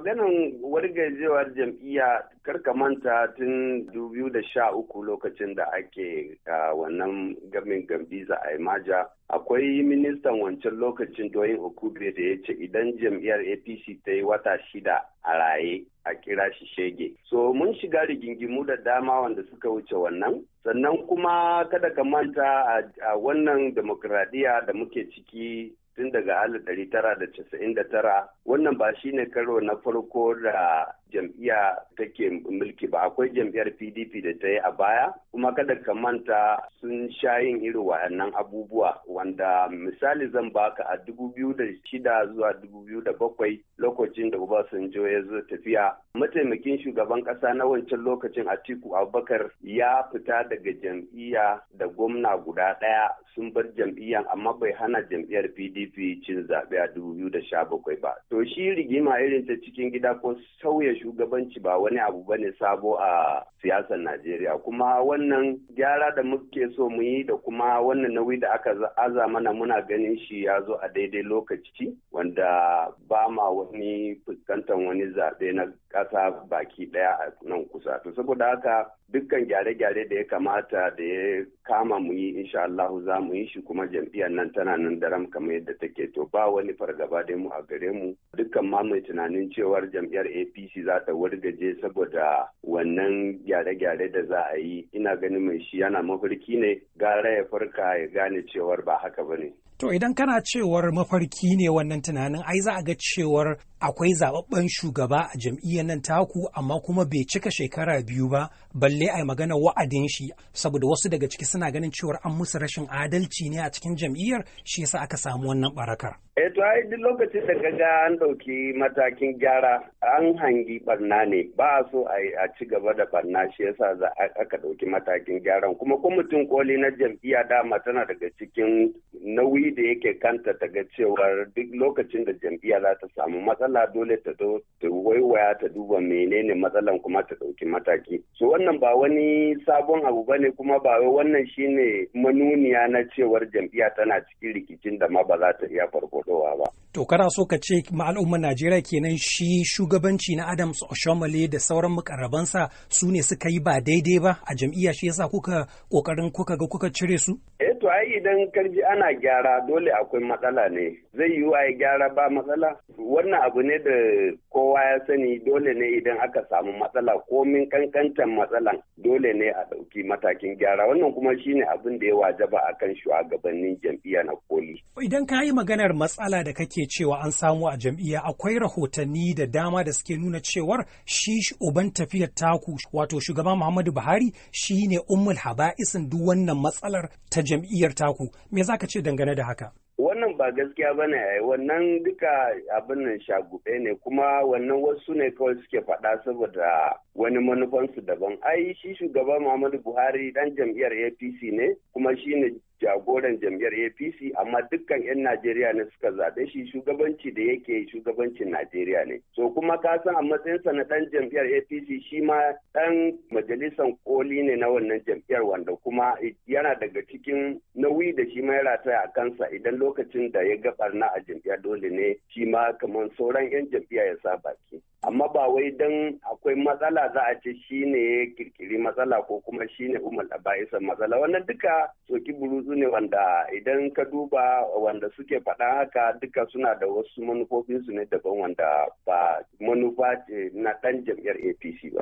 maganin wargajewar jam'iyya karka manta tun uku lokacin da ake wannan gamin gambiza a maja, akwai ministan wancan lokacin doyin okube da ya ce idan jam'iyyar apc ta yi wata shida a raye a kira shi shege so mun shiga rigingimu da dama wanda suka wuce wannan sannan kuma kada ka manta a wannan demokradiyya da muke ciki tun daga 1999 wannan ba shine karo na farko da jam'iyya take mulki ba akwai jam'iyyar pdp da ta yi a baya kuma kada ka manta sun sha yin irin wayannan abubuwa wanda misali zan baka a dubu biyu da shida zuwa dubu biyu da bakwai lokacin da obasanjo ya zo tafiya mataimakin shugaban kasa na wancan lokacin atiku abubakar ya fita daga jam'iyya da gwamna guda ɗaya sun bar jam'iyyar amma bai hana jam'iyyar pdp cin zaɓe a dubu biyu da sha bakwai ba to shi rigima irin ta cikin gida ko sauya shugabanci ba wani abu bane sabo a siyasar Najeriya kuma wannan gyara da muke so mu yi da kuma wannan nauyi da aka aza mana muna ganin shi ya zo a daidai lokaci wanda ba ma wani fuskantar wani zaɓe na kasa baki ɗaya a nan kusa. To saboda haka dukkan gyare-gyare da ya kamata da ya kama mu yi insha Allah za mu yi shi kuma jam'iyyar nan tana nan daram kamar yadda take to ba wani fargaba dai mu a gare mu dukkan ma mai tunanin cewar jam'iyyar APC za ta wargaje saboda wannan gyare-gyare da za a yi ina ganin mai shi yana mafarki ne gara ya farka ya gane cewar ba haka bane. To idan kana cewar mafarki ne wannan tunanin ai za a ga cewar akwai zababben shugaba a jam'iyyar jam'iyyar nan taku amma kuma bai cika shekara biyu ba balle a magana wa'adin shi saboda wasu daga ciki suna ganin cewar an musu rashin adalci ne a cikin jam'iyyar shi yasa aka samu wannan barakar. e to ai duk lokacin da kaga an ɗauki matakin gyara an hangi barna ne ba a so a ci gaba da barna shi yasa za aka ɗauki matakin gyaran kuma mutum koli na jam'iyya dama tana daga cikin nauyi da yake kanta ta ga cewar duk lokacin da jam'iyya za ta samu matsala dole ta zo ta waiwaya ta duba menene matsalan kuma ta ɗauki mataki so wannan ba wani sabon abu bane kuma ba wannan shine manuniya na cewar jam'iyya tana cikin rikicin da ma ba za ta iya farfadowa ba to kana so ka ce ma al'ummar Najeriya kenan shi shugabanci na Adams Oshomale da sauran mukarrabansa su ne suka yi ba daidai ba a jam'iyya shi yasa kuka kokarin kuka ga kuka cire su eh to ai idan karji ana gyara dole akwai matsala ne. Zai yiwu a gyara ba matsala? Wannan abu ne da kowa ya sani dole ne idan aka samu matsala komin kankantan matsalan dole ne a ɗauki matakin gyara. Wannan kuma shine abin da ya wajaba akan shugabannin jam'iyya na koli. idan ka yi maganar matsala da kake cewa an samu a jam'iyya akwai rahotanni da dama da suke nuna cewar shi uban tafiyar taku wato shugaba muhammadu buhari shi ne ummul haba'isin duk wannan matsalar ta jam'iyyar taku me zaka ce dangane da haka wannan ba gaskiya ba ne wannan duka abin nan shagube ne kuma wannan wasu ne kawai suke faɗa saboda wani manufansu daban ai shi shugaba muhammadu buhari dan jam'iyyar apc ne kuma shi ne jagoran jam'iyyar apc amma dukkan 'yan najeriya ne suka zabe shi shugabanci da yake shugabancin najeriya ne so kuma ka san a matsayinsa na dan jam'iyyar apc shi ma dan majalisan koli ne na wannan jam'iyyar wanda kuma yana daga cikin nauyi da shi ma ya rataya a kansa idan lokacin da ya ga barna a jam'iyya dole ne shi ma kamar sauran 'yan jam'iyya ya sa baki amma ba wai don akwai matsala za a ce shi ne ya kirkiri matsala ko kuma shi ne umar isa matsala wannan duka soki buruzu ne wanda idan ka duba wanda suke faɗa haka duka suna da wasu manufofinsu ne daban wanda ba manufa na ɗan jam'iyyar apc ba